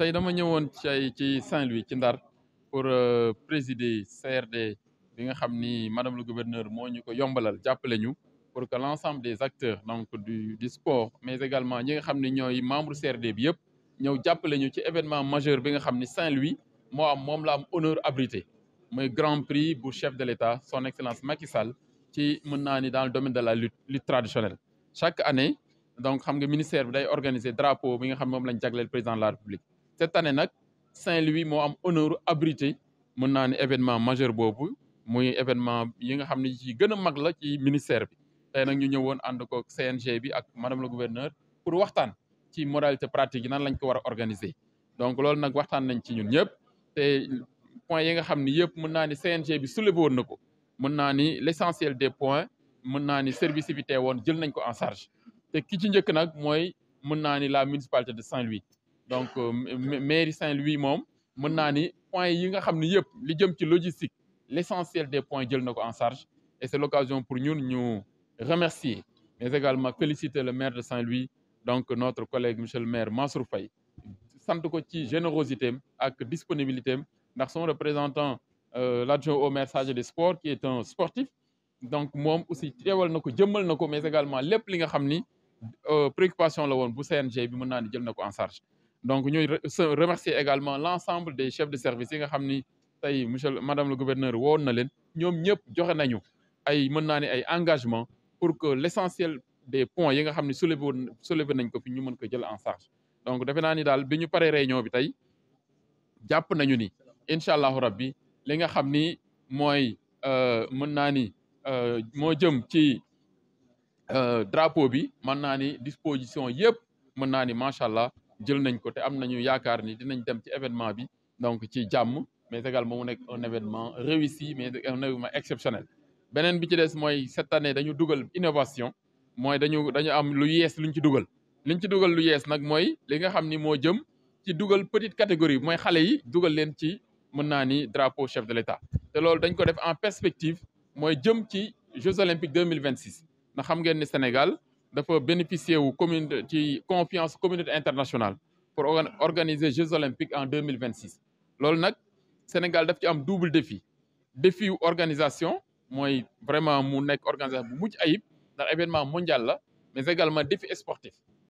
tey dama ñëwoon ci ay ci Saint-Louis ci Ndar pour euh, présider CRD bi nga xam ni madame le gouverneur moo ñu ko yombalal jàppale ñu pour que l'ensemble des acteurs donc du sport mais également ñi nga xam ne ñooy membre CRD bi yëpp ñëw jàppale ñu ci événement majeur bi nga xam ni Saint-Louis moo am moom la am honneur abrité mooy grand prix bu chef de l'État son excellence Macky Sall ci mën naa ni dans le domaine de la lutte lutte traditionnelle chaque année donc xam nga ministère bi day organiser drapeau bi nga xam moom lañ jagleel président la République cette année nag Saint-Louis moo am honneur abrité mën naa ne événement majeur boobu muy événement yi nga xam ne ci gën a mag la ci ministère bi tey nag ñu ñëwoon ànd ko CNG bi ak madame la gouverneur pour waxtaan ci moralité pratique yi nan lañ ko war a organiser donc loolu nag waxtaan nañ ci ñun ñëpp te points yi nga xam ni yëpp mën naa ni CNG bi soulevé woon na ko mën naa ni l'essentiel des points mën naa ni service bi teewoon jël nañ ko en charge te ki ci njëkk nag mooy mën naa ni la municipalité de Saint-Louis donc euh, ah, mairie Saint-Louis moom mën hmm. naa ni points yi nga xam ni yëpp li jëm ci logistique l'essentiel des points jël na ko en charge et c'est l'occasion pour ñun ñu remercier mais également féliciter le maire de Saint-Louis donc notre collègue monsieur le maire Mansour Faye sant ko ci générosité am ak disponibilité am ndax son représentant euh, l'adjoint au maire chargé de sport qui est un sportif donc moom aussi teewal na ko jëmmal na ko mais également lépp li nga xam ni euh, préoccupation la woon bu CNG bi mën naa ni jël na ko en charge donc ñooy remercier également l'ensemble des chefs de service yi nga xam ni tey monsieur madame le gouverneur woon na leen ñoom ñëpp joxe nañu ay mën naa ne ay engagement pour que l'essentiel des points yi nga xam ne soulevé woon nañ ko fi ñu mën ko jël en charge donc defe naa ni daal bi ñu paree bi tey jàpp nañu ni incha allahu rabbi li nga xam ni mooy euh, mën naa ni euh, moo jëm ci euh, drapeau bi mën naa ni disposition yëpp mën naa ni macha allah jël nañ ko te am nañu yaakaar ni dinañ dem ci événement bi donc ci jàmm mais également mu nekk un événement réussi mais un événement exceptionnel beneen bi ci des mooy cette année dañu dugal innovation mooy dañu dañu am lu yees luñ ci dugal liñ ci dugal lu yees nag mooy li nga xam ni moo jëm ci dugal petite catégorie mooy xale yi dugal leen ci mën naa ni drapeau chef de l'État te loolu dañ ko def en perspective mooy jëm ci Jeux olympiques deux mille vingt six na xam ngeen ni Sénégal dafa bénéficier wu commune ci confiance communauté internationale pour organiser Jeux olympiques en deux mille vingt six. loolu nag Sénégal daf ci am double défi défi wu organisation mooy vraiment mu nekk organisation bu mucc ayib ndax événement mondial la mais également défi sportif.